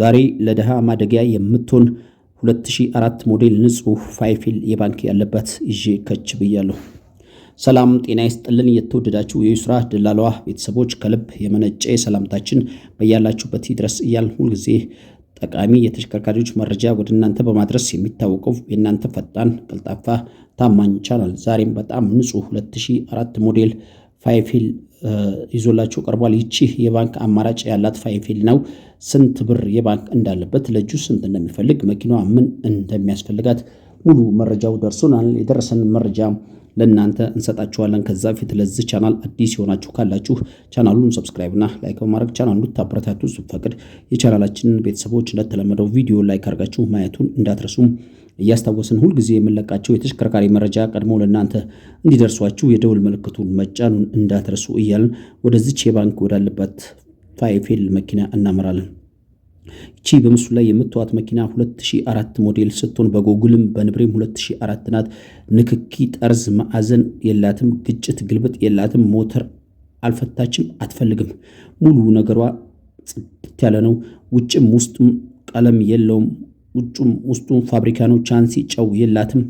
ዛሬ ለድሃ ማደጊያ የምትሆን 2004 ሞዴል ንጹህ ፋይፊል የባንክ ያለበት ይዤ ከች ብያለሁ። ሰላም ጤና ይስጥልን። የተወደዳችሁ የዩስራ ደላላዋ ቤተሰቦች ከልብ የመነጨ ሰላምታችን በያላችሁበት ይድረስ እያል ሁልጊዜ ጠቃሚ የተሽከርካሪዎች መረጃ ወደ እናንተ በማድረስ የሚታወቀው የእናንተ ፈጣን ቀልጣፋ ታማኝ ቻናል ዛሬም በጣም ንጹህ 2004 ሞዴል ፋይፊል ይዞላቸው ቀርቧል። ይቺ የባንክ አማራጭ ያላት ፋይፊል ነው። ስንት ብር የባንክ እንዳለበት ለእጁ ስንት እንደሚፈልግ መኪናዋ ምን እንደሚያስፈልጋት ሙሉ መረጃው ደርሶናል። የደረሰን መረጃ ለእናንተ እንሰጣችኋለን። ከዛ በፊት ለዚህ ቻናል አዲስ የሆናችሁ ካላችሁ ቻናሉን ሰብስክራይብ እና ላይክ በማድረግ ቻናሉ ታበረታቱ ስፈቅድ የቻናላችንን ቤተሰቦች እንደተለመደው ቪዲዮ ላይክ አድርጋችሁ ማየቱን እንዳትረሱም እያስታወስን ሁልጊዜ የምንለቃቸው የተሽከርካሪ መረጃ ቀድሞ ለእናንተ እንዲደርሷችሁ የደውል ምልክቱን መጫኑን እንዳትረሱ እያልን ወደዚች የባንክ ወዳለባት ፋይፌል መኪና እናመራለን። ይቺ በምስሉ ላይ የምትዋት መኪና 2004 ሞዴል ስትሆን በጎግልም በንብሬም 2004 ናት። ንክኪ፣ ጠርዝ፣ ማዕዘን የላትም። ግጭት፣ ግልብጥ የላትም። ሞተር አልፈታችም፣ አትፈልግም። ሙሉ ነገሯ ጽድት ያለ ነው። ውጭም ውስጥም ቀለም የለውም። ውጩም ውስጡም ነው ቻንሲ ጨው የላትም።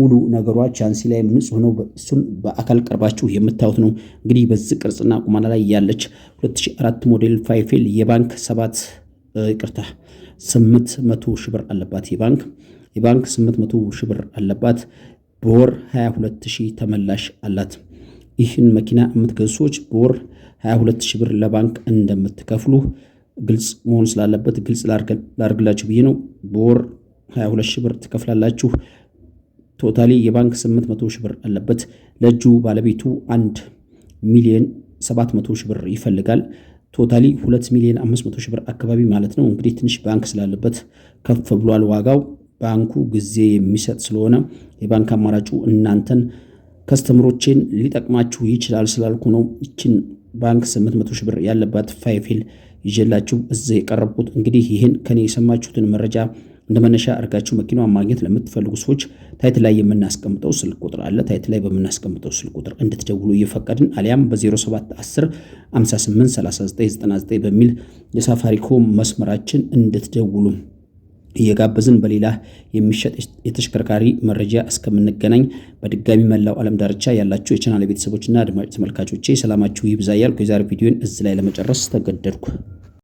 ሙሉ ነገሯ ቻንሲ ላይ ንጹህ ነው። እሱን በአካል ቀርባችሁ የምታዩት ነው። እንግዲህ በዚህ ቅርጽና ቁመና ላይ ያለች 2004 ሞዴል ፋይፌል የባንክ ሰባት ይቅርታ 800 ሺህ ብር አለባት። የባንክ የባንክ 800 ሺህ ብር አለባት። በወር 22 ሺህ ተመላሽ አላት። ይህን መኪና የምትገዙ ሰዎች በወር 22 ሺህ ብር ለባንክ እንደምትከፍሉ ግልጽ መሆን ስላለበት ግልጽ ላርግላችሁ ብዬ ነው። በወር 22 ሺህ ብር ትከፍላላችሁ። ቶታሊ የባንክ 800 ሺህ ብር አለበት። ለእጁ ባለቤቱ 1 ሚሊዮን 700 ሺህ ብር ይፈልጋል። ቶታሊ 2 ሚሊዮን 500 ሺህ ብር አካባቢ ማለት ነው። እንግዲህ ትንሽ ባንክ ስላለበት ከፍ ብሏል ዋጋው። ባንኩ ጊዜ የሚሰጥ ስለሆነ የባንክ አማራጩ እናንተን ከስተምሮቼን ሊጠቅማችሁ ይችላል ስላልኩ ነው። ይችን ባንክ 800 ሺህ ብር ያለባት ፋይፊል ይዤላችሁ እዚህ የቀረብኩት እንግዲህ ይህን ከኔ የሰማችሁትን መረጃ እንደመነሻ አድርጋችሁ መኪናዋን ማግኘት ለምትፈልጉ ሰዎች ታይት ላይ የምናስቀምጠው ስልክ ቁጥር አለ። ታይት ላይ በምናስቀምጠው ስልክ ቁጥር እንድትደውሉ እየፈቀድን አሊያም በ0710 583999 በሚል የሳፋሪኮም መስመራችን እንድትደውሉ እየጋበዝን በሌላ የሚሸጥ የተሽከርካሪ መረጃ እስከምንገናኝ በድጋሚ መላው ዓለም ዳርቻ ያላችሁ የቻናል ቤተሰቦችና አድማጭ ተመልካቾቼ ሰላማችሁ ይብዛ እያልኩ የዛሬ ቪዲዮን እዚህ ላይ ለመጨረስ ተገደድኩ።